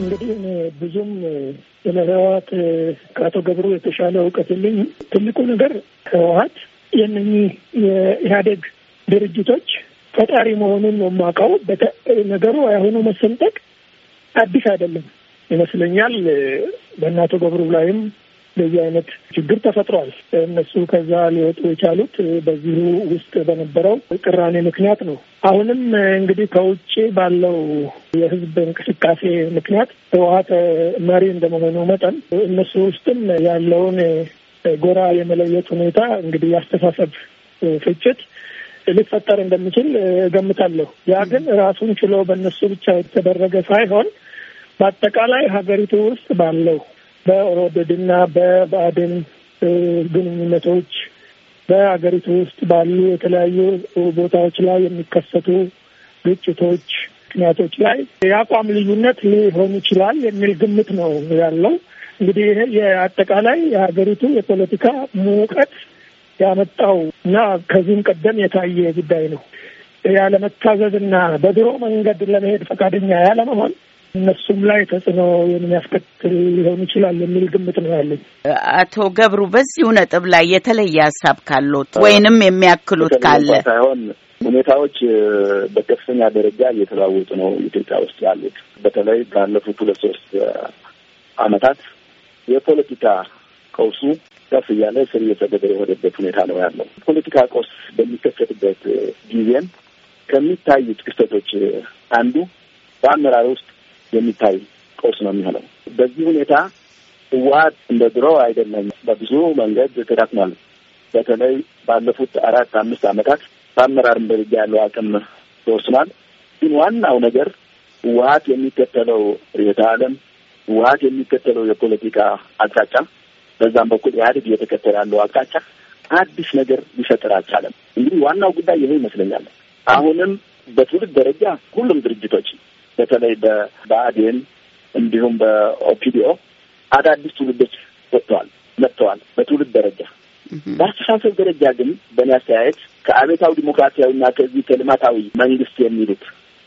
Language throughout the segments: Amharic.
እንግዲህ እኔ ብዙም ስለ ከአቶ ገብሩ የተሻለ እውቀት የለኝ ትልቁ ነገር ከህወሀት የእነኚህ የኢህአዴግ ድርጅቶች ፈጣሪ መሆኑን ነው የማውቀው። ነገሩ አሁኑ መሰንጠቅ አዲስ አይደለም ይመስለኛል። በእነ አቶ ገብሩ ላይም እንደዚህ አይነት ችግር ተፈጥሯል። እነሱ ከዛ ሊወጡ የቻሉት በዚሁ ውስጥ በነበረው ቅራኔ ምክንያት ነው። አሁንም እንግዲህ ከውጭ ባለው የህዝብ እንቅስቃሴ ምክንያት ህወሀት መሪ እንደመሆኑ መጠን እነሱ ውስጥም ያለውን ጎራ የመለየት ሁኔታ እንግዲህ ያስተሳሰብ ፍጭት ሊፈጠር እንደሚችል እገምታለሁ። ያ ግን ራሱን ችሎ በእነሱ ብቻ የተደረገ ሳይሆን በአጠቃላይ ሀገሪቱ ውስጥ ባለው በኦህዴድና በብአዴን ግንኙነቶች በሀገሪቱ ውስጥ ባሉ የተለያዩ ቦታዎች ላይ የሚከሰቱ ግጭቶች ምክንያቶች ላይ የአቋም ልዩነት ሊሆን ይችላል የሚል ግምት ነው ያለው። እንግዲህ ይሄ የአጠቃላይ የሀገሪቱ የፖለቲካ ሙቀት ያመጣው እና ከዚህም ቀደም የታየ ጉዳይ ነው። ያለመታዘዝ እና በድሮ መንገድ ለመሄድ ፈቃደኛ ያለመሆን እነሱም ላይ ተጽዕኖ የሚያስከትል ሊሆን ይችላል የሚል ግምት ነው ያለኝ። አቶ ገብሩ በዚሁ ነጥብ ላይ የተለየ ሀሳብ ካለት ወይንም የሚያክሉት ካለ ሳይሆን ሁኔታዎች በከፍተኛ ደረጃ እየተለዋወጡ ነው ኢትዮጵያ ውስጥ ያሉት በተለይ ባለፉት ሁለት ሶስት አመታት የፖለቲካ ቀውሱ ከፍ እያለ ስር እየሰደደ የሆነበት ሁኔታ ነው ያለው። ፖለቲካ ቀውስ በሚከሰትበት ጊዜም ከሚታዩት ክስተቶች አንዱ በአመራር ውስጥ የሚታይ ቀውስ ነው የሚሆነው። በዚህ ሁኔታ ህወሀት እንደ ድሮ አይደለም፣ በብዙ መንገድ ተዳክሟል። በተለይ ባለፉት አራት አምስት ዓመታት በአመራር ደረጃ ያለው አቅም ተወስኗል። ግን ዋናው ነገር ህወሀት የሚከተለው ርዕዮተ ዓለም፣ ህወሀት የሚከተለው የፖለቲካ አቅጣጫ፣ በዛም በኩል ኢህአዴግ እየተከተለ ያለው አቅጣጫ አዲስ ነገር ሊፈጥር አልቻለም። እንግዲህ ዋናው ጉዳይ ይሄ ይመስለኛል። አሁንም በትውልድ ደረጃ ሁሉም ድርጅቶች በተለይ በአዴን እንዲሁም በኦፒዲኦ አዳዲስ ትውልዶች ወጥተዋል መጥተዋል። በትውልድ ደረጃ በአስተሳሰብ ደረጃ ግን በእኔ አስተያየት ከአቤታዊ ዲሞክራሲያዊና ከዚህ ከልማታዊ መንግስት የሚሉት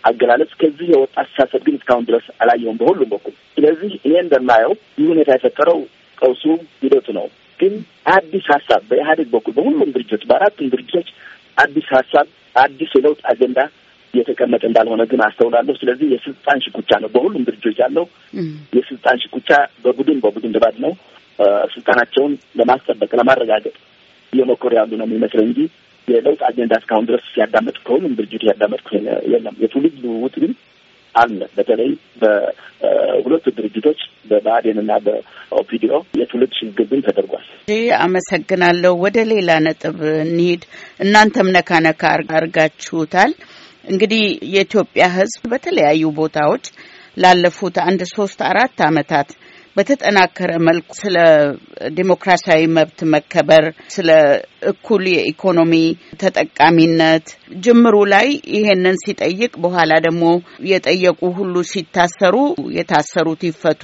አገላለጽ ከዚህ የወጣ አስተሳሰብ ግን እስካሁን ድረስ አላየውም በሁሉም በኩል። ስለዚህ እኔ እንደማየው ይህ ሁኔታ የፈጠረው ቀውሱ ሂደቱ ነው። ግን አዲስ ሀሳብ በኢህአዴግ በኩል በሁሉም ድርጅቶች፣ በአራቱም ድርጅቶች አዲስ ሀሳብ፣ አዲስ የለውጥ አጀንዳ የተቀመጠ እንዳልሆነ ግን አስተውላለሁ። ስለዚህ የስልጣን ሽኩቻ ነው በሁሉም ድርጅቶች ያለው የስልጣን ሽኩቻ፣ በቡድን በቡድን ድባድ ነው። ስልጣናቸውን ለማስጠበቅ ለማረጋገጥ እየሞከሩ ያሉ ነው የሚመስለው እንጂ የለውጥ አጀንዳ እስካሁን ድረስ ያዳመጥ ከሁሉም ድርጅቱ ያዳመጥ የለም። የትውልድ ልውውጥ ግን አለ። በተለይ በሁለቱ ድርጅቶች በብአዴንና በኦፒዲኦ የትውልድ ሽግግር ግን ተደርጓል። አመሰግናለሁ። ወደ ሌላ ነጥብ እንሂድ። እናንተም ነካ ነካ አርጋችሁታል። እንግዲህ የኢትዮጵያ ሕዝብ በተለያዩ ቦታዎች ላለፉት አንድ ሶስት አራት አመታት በተጠናከረ መልኩ ስለ ዴሞክራሲያዊ መብት መከበር፣ ስለ እኩል የኢኮኖሚ ተጠቃሚነት ጅምሩ ላይ ይሄንን ሲጠይቅ በኋላ ደግሞ የጠየቁ ሁሉ ሲታሰሩ የታሰሩት ይፈቱ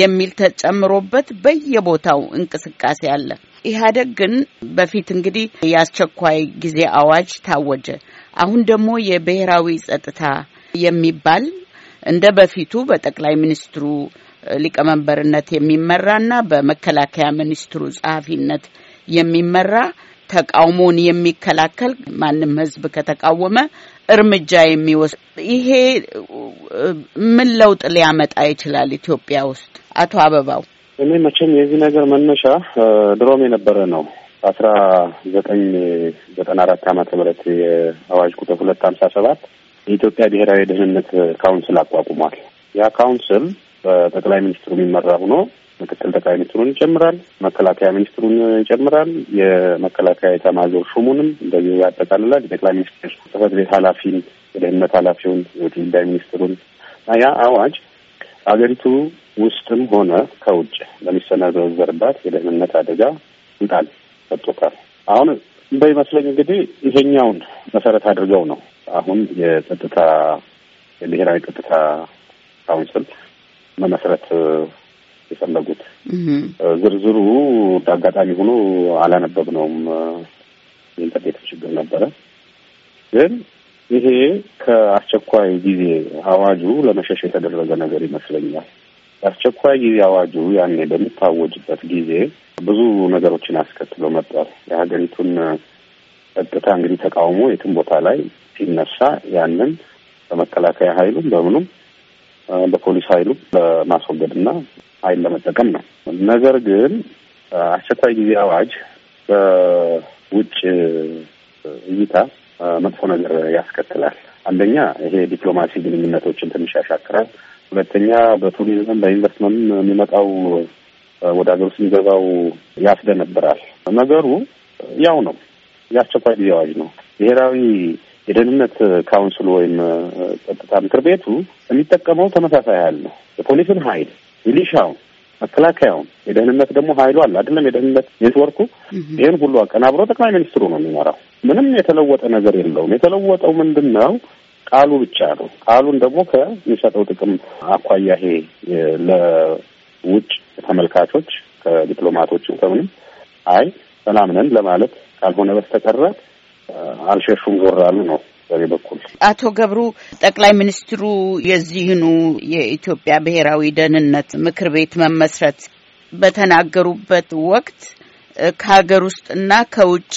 የሚል ተጨምሮበት በየቦታው እንቅስቃሴ አለ። ኢህአዴግ ግን በፊት እንግዲህ የአስቸኳይ ጊዜ አዋጅ ታወጀ። አሁን ደግሞ የብሔራዊ ጸጥታ የሚባል እንደ በፊቱ በጠቅላይ ሚኒስትሩ ሊቀመንበርነት የሚመራና በመከላከያ ሚኒስትሩ ጸሐፊነት የሚመራ ተቃውሞን የሚከላከል ማንም ህዝብ ከተቃወመ እርምጃ የሚወስድ ይሄ ምን ለውጥ ሊያመጣ ይችላል ኢትዮጵያ ውስጥ? አቶ አበባው፣ እኔ መቼም የዚህ ነገር መነሻ ድሮም የነበረ ነው። አስራ ዘጠኝ ዘጠና አራት ዓመተ ምህረት የአዋጅ ቁጥር ሁለት ሀምሳ ሰባት የኢትዮጵያ ብሔራዊ ደህንነት ካውንስል አቋቁሟል። ያ ካውንስል በጠቅላይ ሚኒስትሩ የሚመራ ሆኖ ምክትል ጠቅላይ ሚኒስትሩን ይጨምራል። መከላከያ ሚኒስትሩን ይጨምራል። የመከላከያ የታማዦር ሹሙንም እንደዚሁ ያጠቃልላል። የጠቅላይ ሚኒስትር ጽሕፈት ቤት ኃላፊን፣ የደህንነት ኃላፊውን፣ የውጭ ጉዳይ ሚኒስትሩን ያ አዋጅ አገሪቱ ውስጥም ሆነ ከውጭ ለሚሰነዘርባት የደህንነት አደጋ ስልጣን ሰጥቶታል። አሁን በይመስለኝ እንግዲህ ይሄኛውን መሰረት አድርገው ነው አሁን የጸጥታ የብሔራዊ ጸጥታ ካውንስል መመስረት የፈለጉት። ዝርዝሩ አጋጣሚ ሆኖ አላነበብነውም፣ የኢንተርኔት ችግር ነበረ። ግን ይሄ ከአስቸኳይ ጊዜ አዋጁ ለመሸሽ የተደረገ ነገር ይመስለኛል። የአስቸኳይ ጊዜ አዋጁ ያኔ በሚታወጅበት ጊዜ ብዙ ነገሮችን አስከትሎ መጥቷል። የሀገሪቱን ጸጥታ እንግዲህ ተቃውሞ የትም ቦታ ላይ ሲነሳ ያንን በመከላከያ ኃይሉም በምኑም በፖሊስ ኃይሉ ና ኃይል ለመጠቀም ነው። ነገር ግን አስቸኳይ ጊዜ አዋጅ በውጭ እይታ መጥፎ ነገር ያስከትላል። አንደኛ ይሄ ዲፕሎማሲ ግንኙነቶችን ትንሽ ያሻክራል። ሁለተኛ በቱሪዝም በኢንቨስትመንት የሚመጣው ወደ ሀገር ውስጥ የሚገባው ያስደነብራል። ነገሩ ያው ነው። የአስቸኳይ ጊዜ አዋጅ ነው። ብሔራዊ የደህንነት ካውንስሉ ወይም ጸጥታ ምክር ቤቱ የሚጠቀመው ተመሳሳይ ኃይል ነው። የፖሊስን ኃይል፣ ሚሊሻውን፣ መከላከያውን የደህንነት ደግሞ ኃይሉ አለ አይደለም። የደህንነት ኔትወርኩ ይህን ሁሉ አቀናብሮ ጠቅላይ ሚኒስትሩ ነው የሚመራው። ምንም የተለወጠ ነገር የለውም። የተለወጠው ምንድን ነው? ቃሉ ብቻ ነው። ቃሉን ደግሞ ከሚሰጠው ጥቅም አኳያ ይሄ ለውጭ ተመልካቾች ከዲፕሎማቶች ከምንም አይ ሰላም ነን ለማለት ካልሆነ በስተቀረ አልሸሹም ዞር አሉ ነው። በኔ በኩል አቶ ገብሩ ጠቅላይ ሚኒስትሩ የዚህኑ የኢትዮጵያ ብሔራዊ ደህንነት ምክር ቤት መመስረት በተናገሩበት ወቅት ከሀገር ውስጥና ከውጭ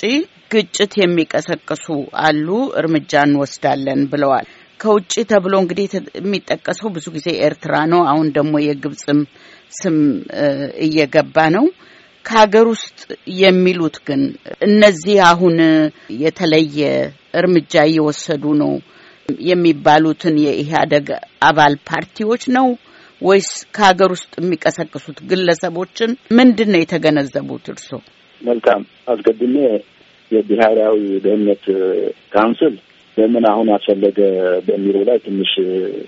ግጭት የሚቀሰቅሱ አሉ፣ እርምጃ እንወስዳለን ብለዋል። ከውጭ ተብሎ እንግዲህ የሚጠቀሰው ብዙ ጊዜ ኤርትራ ነው። አሁን ደግሞ የግብፅም ስም እየገባ ነው። ከሀገር ውስጥ የሚሉት ግን እነዚህ አሁን የተለየ እርምጃ እየወሰዱ ነው የሚባሉትን የኢህአደግ አባል ፓርቲዎች ነው ወይስ ከሀገር ውስጥ የሚቀሰቅሱት ግለሰቦችን ምንድን ነው የተገነዘቡት? እርስዎ መልካም። አስቀድሜ የብሔራዊ ደህንነት ካውንስል ለምን አሁን አስፈለገ በሚለው ላይ ትንሽ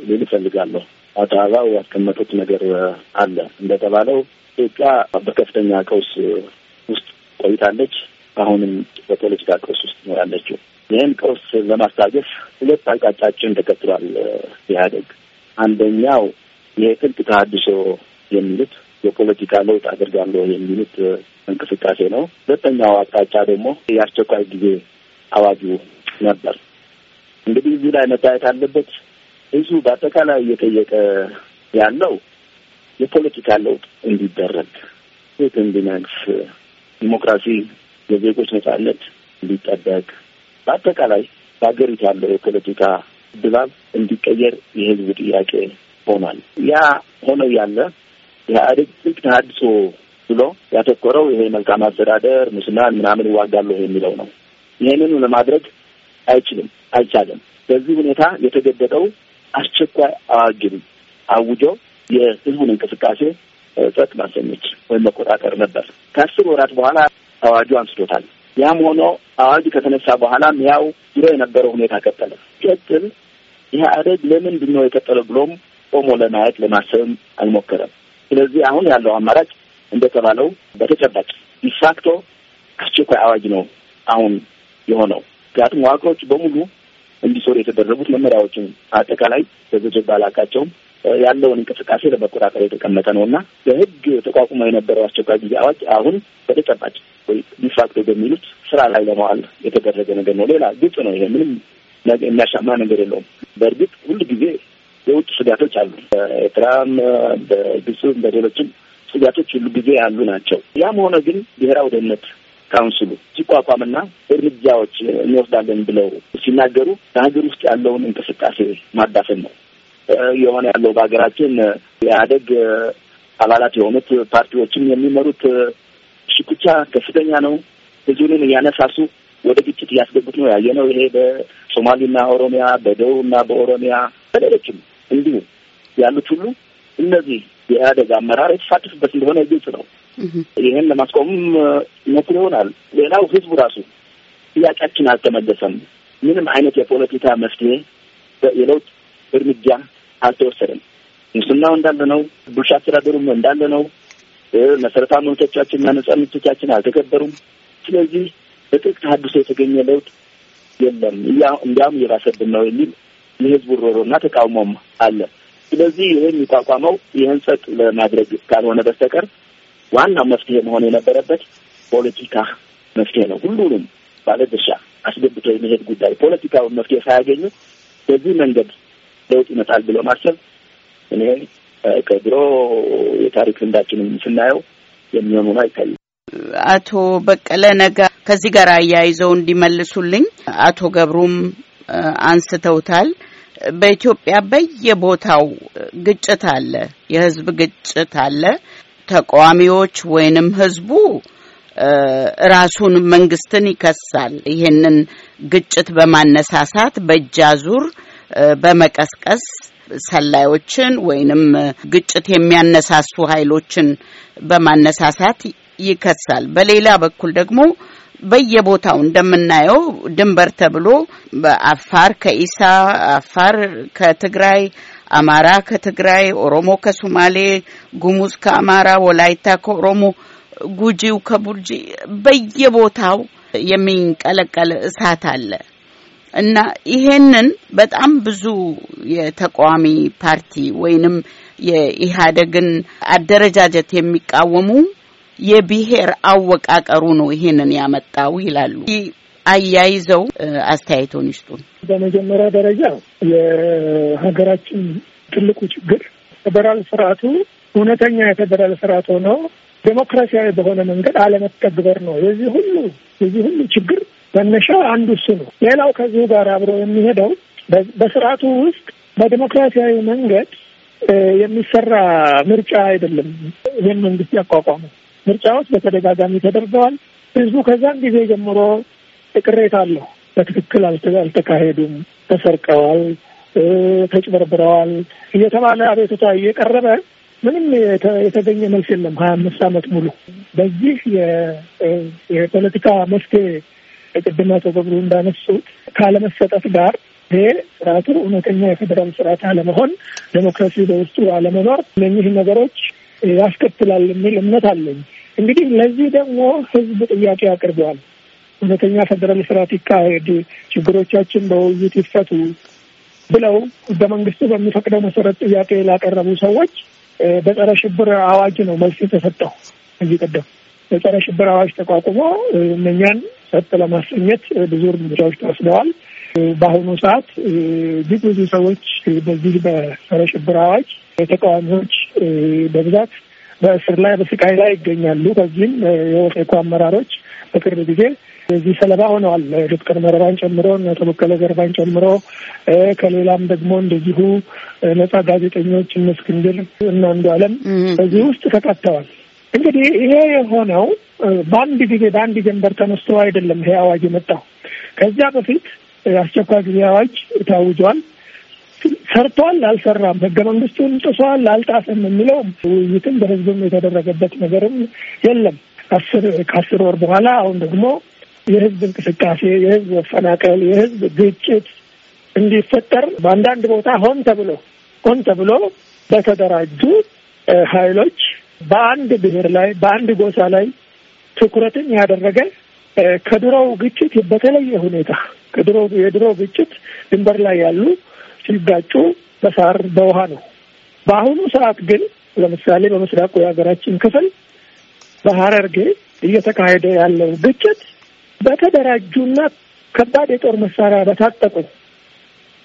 ልል እፈልጋለሁ። አጣባው ያስቀመጡት ነገር አለ። እንደተባለው ኢትዮጵያ በከፍተኛ ቀውስ ውስጥ ቆይታለች። አሁንም በፖለቲካ ቀውስ ውስጥ ነው ያለችው። ይህን ቀውስ ለማስታገፍ ሁለት አቅጣጫችን ተከትሏል ኢህአዴግ። አንደኛው የጥልቅ ተሀድሶ የሚሉት የፖለቲካ ለውጥ አድርጋለሁ የሚሉት እንቅስቃሴ ነው። ሁለተኛው አቅጣጫ ደግሞ የአስቸኳይ ጊዜ አዋጁ ነበር። እንግዲህ እዚህ ላይ መታየት አለበት ህዝቡ በአጠቃላይ እየጠየቀ ያለው የፖለቲካ ለውጥ እንዲደረግ፣ ህግ እንዲነግስ፣ ዲሞክራሲ፣ የዜጎች ነጻነት እንዲጠበቅ፣ በአጠቃላይ በሀገሪቱ ያለው የፖለቲካ ድባብ እንዲቀየር የህዝብ ጥያቄ ሆኗል። ያ ሆነ ያለ የአድግ ጥቅ ተሃድሶ ብሎ ያተኮረው ይሄ መልካም አስተዳደር፣ ሙስናን ምናምን እዋጋለሁ የሚለው ነው። ይህንኑ ለማድረግ አይችልም፣ አይቻልም። በዚህ ሁኔታ የተገደጠው አስቸኳይ አዋጅን አውጆ የህዝቡን እንቅስቃሴ ጸጥ ማሰኞች ወይም መቆጣጠር ነበር። ከአስር ወራት በኋላ አዋጁ አንስቶታል። ያም ሆኖ አዋጁ ከተነሳ በኋላም ያው ድሮ የነበረው ሁኔታ ቀጠለ። ይህ አደግ ለምንድን ነው የቀጠለው ብሎም ቆሞ ለማየት ለማሰብም አልሞከረም። ስለዚህ አሁን ያለው አማራጭ እንደተባለው በተጨባጭ ዲፋክቶ አስቸኳይ አዋጅ ነው አሁን የሆነው። ምክንያቱም መዋቅሮች በሙሉ እንዲሰሩ የተደረጉት መመሪያዎችን አጠቃላይ በዘጀ ባላካቸውም ያለውን እንቅስቃሴ ለመቆጣጠር የተቀመጠ ነው እና በህግ ተቋቁሞ የነበረው አስቸኳይ ጊዜ አዋጅ አሁን በተጨባጭ ወይ ዲፋክቶ በሚሉት ስራ ላይ ለመዋል የተደረገ ነገር ነው። ሌላ ግልጽ ነው። ይሄ ምንም የሚያሻማ ነገር የለውም። በእርግጥ ሁሉ ጊዜ የውጭ ስጋቶች አሉ። በኤርትራም፣ በግብፅም፣ በሌሎችም ስጋቶች ሁሉ ጊዜ ያሉ ናቸው። ያም ሆነ ግን ብሔራዊ ደህንነት ካውንስሉ ሲቋቋምና እርምጃዎች እንወስዳለን ብለው ሲናገሩ በሀገር ውስጥ ያለውን እንቅስቃሴ ማዳፈን ነው የሆነ ያለው በሀገራችን የአደግ አባላት የሆኑት ፓርቲዎችም የሚመሩት ሽኩቻ ከፍተኛ ነው። ህዝቡንም እያነሳሱ ወደ ግጭት እያስገቡት ነው ያየ ነው። ይሄ በሶማሌና ኦሮሚያ፣ በደቡብና በኦሮሚያ በሌሎችም እንዲሁ ያሉት ሁሉ እነዚህ የኢህአደግ አመራር የተሳተፉበት እንደሆነ ግልጽ ነው። ይህን ለማስቆምም መፍትሄ ይሆናል። ሌላው ህዝቡ ራሱ ጥያቄያችን አልተመለሰም፣ ምንም አይነት የፖለቲካ መፍትሄ የለውጥ እርምጃ አልተወሰደም። ሙስናው እንዳለ ነው፣ ብልሹ አስተዳደሩም እንዳለ ነው። መሰረታዊ መብቶቻችንና ነጻነቶቻችን አልተከበሩም። ስለዚህ በጥልቅ ተሀድሶ የተገኘ ለውጥ የለም፣ እንዲያውም እየባሰብን ነው የሚል የህዝቡ ሮሮና ተቃውሞም አለ። ስለዚህ ይህን የሚቋቋመው ይህን ጸጥ ለማድረግ ካልሆነ በስተቀር ዋናው መፍትሄ መሆን የነበረበት ፖለቲካ መፍትሄ ነው። ሁሉንም ባለድርሻ አስገብቶ የመሄድ ጉዳይ ፖለቲካውን መፍትሄ ሳያገኙ በዚህ መንገድ ለውጥ ይመጣል ብሎ ማሰብ እኔ ከድሮ የታሪክ ልምዳችንም ስናየው የሚሆኑ አይታይ አቶ በቀለ ነጋ ከዚህ ጋር አያይዘው እንዲመልሱልኝ አቶ ገብሩም አንስተውታል። በኢትዮጵያ በየቦታው ግጭት አለ፣ የህዝብ ግጭት አለ። ተቃዋሚዎች ወይንም ህዝቡ ራሱን መንግስትን ይከሳል። ይህንን ግጭት በማነሳሳት በእጅ በመቀስቀስ ሰላዮችን ወይንም ግጭት የሚያነሳሱ ኃይሎችን በማነሳሳት ይከሳል። በሌላ በኩል ደግሞ በየቦታው እንደምናየው ድንበር ተብሎ በአፋር ከኢሳ አፋር ከትግራይ አማራ ከትግራይ፣ ኦሮሞ ከሶማሌ ጉሙዝ ከአማራ፣ ወላይታ ከኦሮሞ፣ ጉጂው ከቡርጂ በየቦታው የሚንቀለቀል እሳት አለ እና ይሄንን በጣም ብዙ የተቃዋሚ ፓርቲ ወይንም የኢህአደግን አደረጃጀት የሚቃወሙ የብሔር አወቃቀሩ ነው ይሄንን ያመጣው ይላሉ። አያይዘው አስተያየቶን ይስጡን። በመጀመሪያ ደረጃ የሀገራችን ትልቁ ችግር ፌደራል ስርዓቱ እውነተኛ የፌደራል ስርዓት ሆነው ዴሞክራሲያዊ በሆነ መንገድ አለመተግበር ነው። የዚህ ሁሉ የዚህ ሁሉ ችግር መነሻ አንዱ እሱ ነው። ሌላው ከዚሁ ጋር አብሮ የሚሄደው በስርዓቱ ውስጥ በዴሞክራሲያዊ መንገድ የሚሰራ ምርጫ አይደለም። ይህን መንግስት ያቋቋመው ምርጫዎች በተደጋጋሚ ተደርገዋል። ህዝቡ ከዛም ጊዜ ጀምሮ ቅሬታ አለሁ። በትክክል አልተካሄዱም፣ ተሰርቀዋል፣ ተጭበርብረዋል እየተባለ አቤቱታ እየቀረበ ምንም የተገኘ መልስ የለም። ሀያ አምስት ዓመት ሙሉ በዚህ የፖለቲካ መፍትሄ የቅድማ ተገብሩ እንዳነሱት ካለመሰጠት ጋር ይሄ ስርአቱ እውነተኛ የፌዴራል ስርአት አለመሆን፣ ዴሞክራሲ በውስጡ አለመኖር እነኚህ ነገሮች ያስከትላል የሚል እምነት አለኝ። እንግዲህ ለዚህ ደግሞ ህዝብ ጥያቄ አቅርበዋል። እውነተኛ ፌደራል ስርዓት ይካሄድ፣ ችግሮቻችን በውይይት ይፈቱ ብለው ህገ መንግስቱ በሚፈቅደው መሰረት ጥያቄ ላቀረቡ ሰዎች በጸረ ሽብር አዋጅ ነው መልስ የተሰጠው። እዚህ ቀደም በጸረ ሽብር አዋጅ ተቋቁሞ እነኛን ሰጥ ለማሰኘት ብዙ እርምጃዎች ተወስደዋል። በአሁኑ ሰዓት እጅግ ብዙ ሰዎች በዚህ በጸረ ሽብር አዋጅ ተቃዋሚዎች በብዛት በእስር ላይ በስቃይ ላይ ይገኛሉ። በዚህም የኦፌኮ አመራሮች በቅርብ ጊዜ እዚህ ሰለባ ሆነዋል። ዶክተር መረራን ጨምሮ አቶ በቀለ ገርባን ጨምሮ ከሌላም ደግሞ እንደዚሁ ነጻ ጋዜጠኞች እነ እስክንድር እና አንዱ አለም በዚህ ውስጥ ተቃተዋል። እንግዲህ ይሄ የሆነው በአንድ ጊዜ በአንድ ጀንበር ተነስቶ አይደለም። ይሄ አዋጅ የመጣው ከዚያ በፊት አስቸኳይ ጊዜ አዋጅ ታውጇል። ሰርቷል አልሰራም፣ ህገ መንግስቱን ጥሷል አልጣሰም የሚለውም ውይይትም በህዝብም የተደረገበት ነገርም የለም። አስር ከአስር ወር በኋላ አሁን ደግሞ የህዝብ እንቅስቃሴ፣ የህዝብ መፈናቀል፣ የህዝብ ግጭት እንዲፈጠር በአንዳንድ ቦታ ሆን ተብሎ ሆን ተብሎ በተደራጁ ኃይሎች በአንድ ብሔር ላይ በአንድ ጎሳ ላይ ትኩረትን ያደረገ ከድሮው ግጭት በተለየ ሁኔታ ከድሮ የድሮ ግጭት ድንበር ላይ ያሉ ሲጋጩ በሳር በውሃ ነው። በአሁኑ ሰዓት ግን ለምሳሌ በምስራቁ የሀገራችን ክፍል በሀረርጌ እየተካሄደ ያለው ግጭት በተደራጁና ከባድ የጦር መሳሪያ በታጠቁ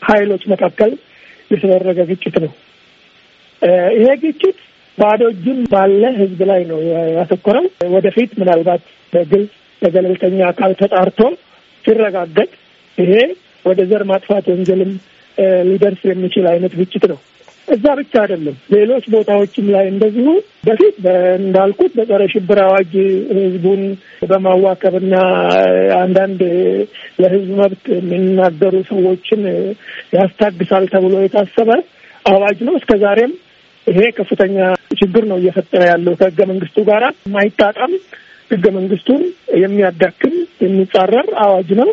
ኃይሎች መካከል የተደረገ ግጭት ነው። ይሄ ግጭት ባዶ እጁን ባለ ህዝብ ላይ ነው ያተኮረው። ወደፊት ምናልባት በግልጽ በገለልተኛ አካል ተጣርቶ ሲረጋገጥ ይሄ ወደ ዘር ማጥፋት ወንጀልም ሊደርስ የሚችል አይነት ግጭት ነው። እዛ ብቻ አይደለም፣ ሌሎች ቦታዎችም ላይ እንደዚሁ በፊት እንዳልኩት በጸረ ሽብር አዋጅ ህዝቡን በማዋከብና አንዳንድ ለህዝብ መብት የሚናገሩ ሰዎችን ያስታግሳል ተብሎ የታሰበ አዋጅ ነው። እስከ ዛሬም ይሄ ከፍተኛ ችግር ነው እየፈጠረ ያለው ከህገ መንግስቱ ጋር የማይጣጣም ህገ መንግስቱን የሚያዳክም የሚጻረር አዋጅ ነው።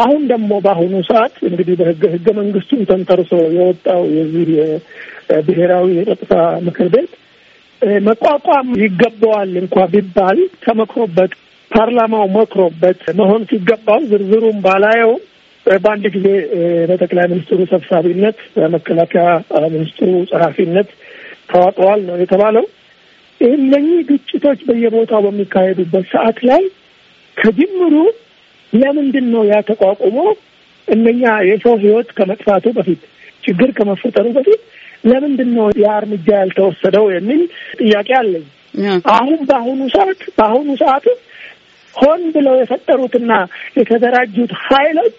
አሁን ደግሞ በአሁኑ ሰዓት እንግዲህ በህገ ህገ መንግስቱም ተንተርሶ የወጣው የዚህ የብሔራዊ የጸጥታ ምክር ቤት መቋቋም ይገባዋል እንኳ ቢባል ተመክሮበት ፓርላማው መክሮበት መሆን ሲገባው ዝርዝሩም ባላየውም በአንድ ጊዜ በጠቅላይ ሚኒስትሩ ሰብሳቢነት በመከላከያ ሚኒስትሩ ጸሐፊነት ተዋቅሯል ነው የተባለው። እነኚህ ግጭቶች በየቦታው በሚካሄዱበት ሰዓት ላይ ከጅምሩ ለምንድን ነው ያ ተቋቁሞ እነኛ የሰው ህይወት ከመጥፋቱ በፊት ችግር ከመፈጠሩ በፊት ለምንድን ነው ያ እርምጃ ያልተወሰደው የሚል ጥያቄ አለኝ። አሁን በአሁኑ ሰዓት በአሁኑ ሰዓት ሆን ብለው የፈጠሩትና የተደራጁት ኃይሎች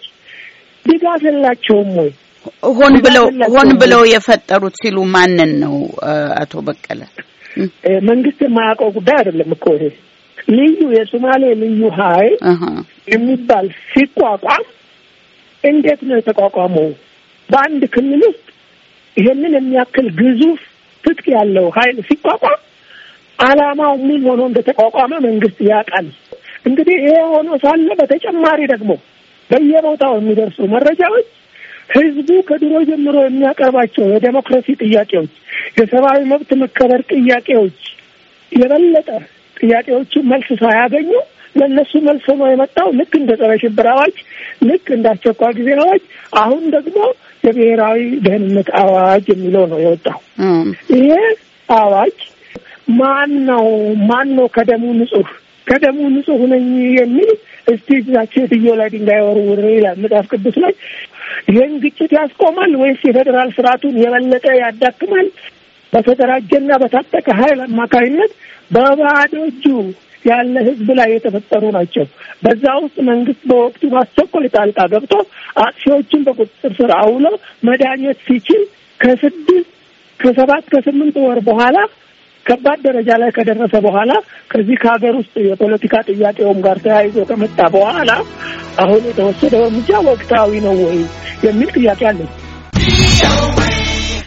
ድጋፍ የላቸውም ወይ? ሆን ብለው ሆን ብለው የፈጠሩት ሲሉ ማንን ነው አቶ በቀለ? መንግስት የማያውቀው ጉዳይ አይደለም እኮ ይሄ ልዩ የሶማሌ ልዩ ኃይል የሚባል ሲቋቋም እንዴት ነው የተቋቋመው? በአንድ ክልል ውስጥ ይሄንን የሚያክል ግዙፍ ትጥቅ ያለው ኃይል ሲቋቋም ዓላማው ምን ሆኖ እንደተቋቋመ መንግስት ያውቃል። እንግዲህ ይሄ ሆኖ ሳለ በተጨማሪ ደግሞ በየቦታው የሚደርሱ መረጃዎች ህዝቡ ከድሮ ጀምሮ የሚያቀርባቸው የዴሞክራሲ ጥያቄዎች፣ የሰብአዊ መብት መከበር ጥያቄዎች የበለጠ ጥያቄዎቹ መልስ ሳያገኙ ለእነሱ መልስ ሆኖ የመጣው ልክ እንደ ጸረ ሽብር አዋጅ፣ ልክ እንደ አስቸኳይ ጊዜ አዋጅ፣ አሁን ደግሞ የብሔራዊ ደህንነት አዋጅ የሚለው ነው የወጣው። ይሄ አዋጅ ማን ነው ማን ነው ከደሙ ንጹህ ከደሙ ንጹህ ነኝ የሚል እስቲ ዛቸው ሴትዮ ላይ ድንጋይ ወርውር ይላል መጽሐፍ ቅዱስ ላይ። ይህን ግጭት ያስቆማል ወይስ የፌዴራል ስርዓቱን የበለጠ ያዳክማል? በተደራጀና በታጠቀ ኃይል አማካኝነት በባዶ እጁ ያለ ህዝብ ላይ የተፈጠሩ ናቸው። በዛ ውስጥ መንግስት በወቅቱ ማስቸኮል ጣልቃ ገብቶ አጥፊዎችን በቁጥጥር ስር አውሎ መድኃኒት ሲችል ከስድስት ከሰባት ከስምንት ወር በኋላ ከባድ ደረጃ ላይ ከደረሰ በኋላ ከዚህ ከሀገር ውስጥ የፖለቲካ ጥያቄውም ጋር ተያይዞ ከመጣ በኋላ አሁን የተወሰደው እርምጃ ወቅታዊ ነው ወይ የሚል ጥያቄ አለን።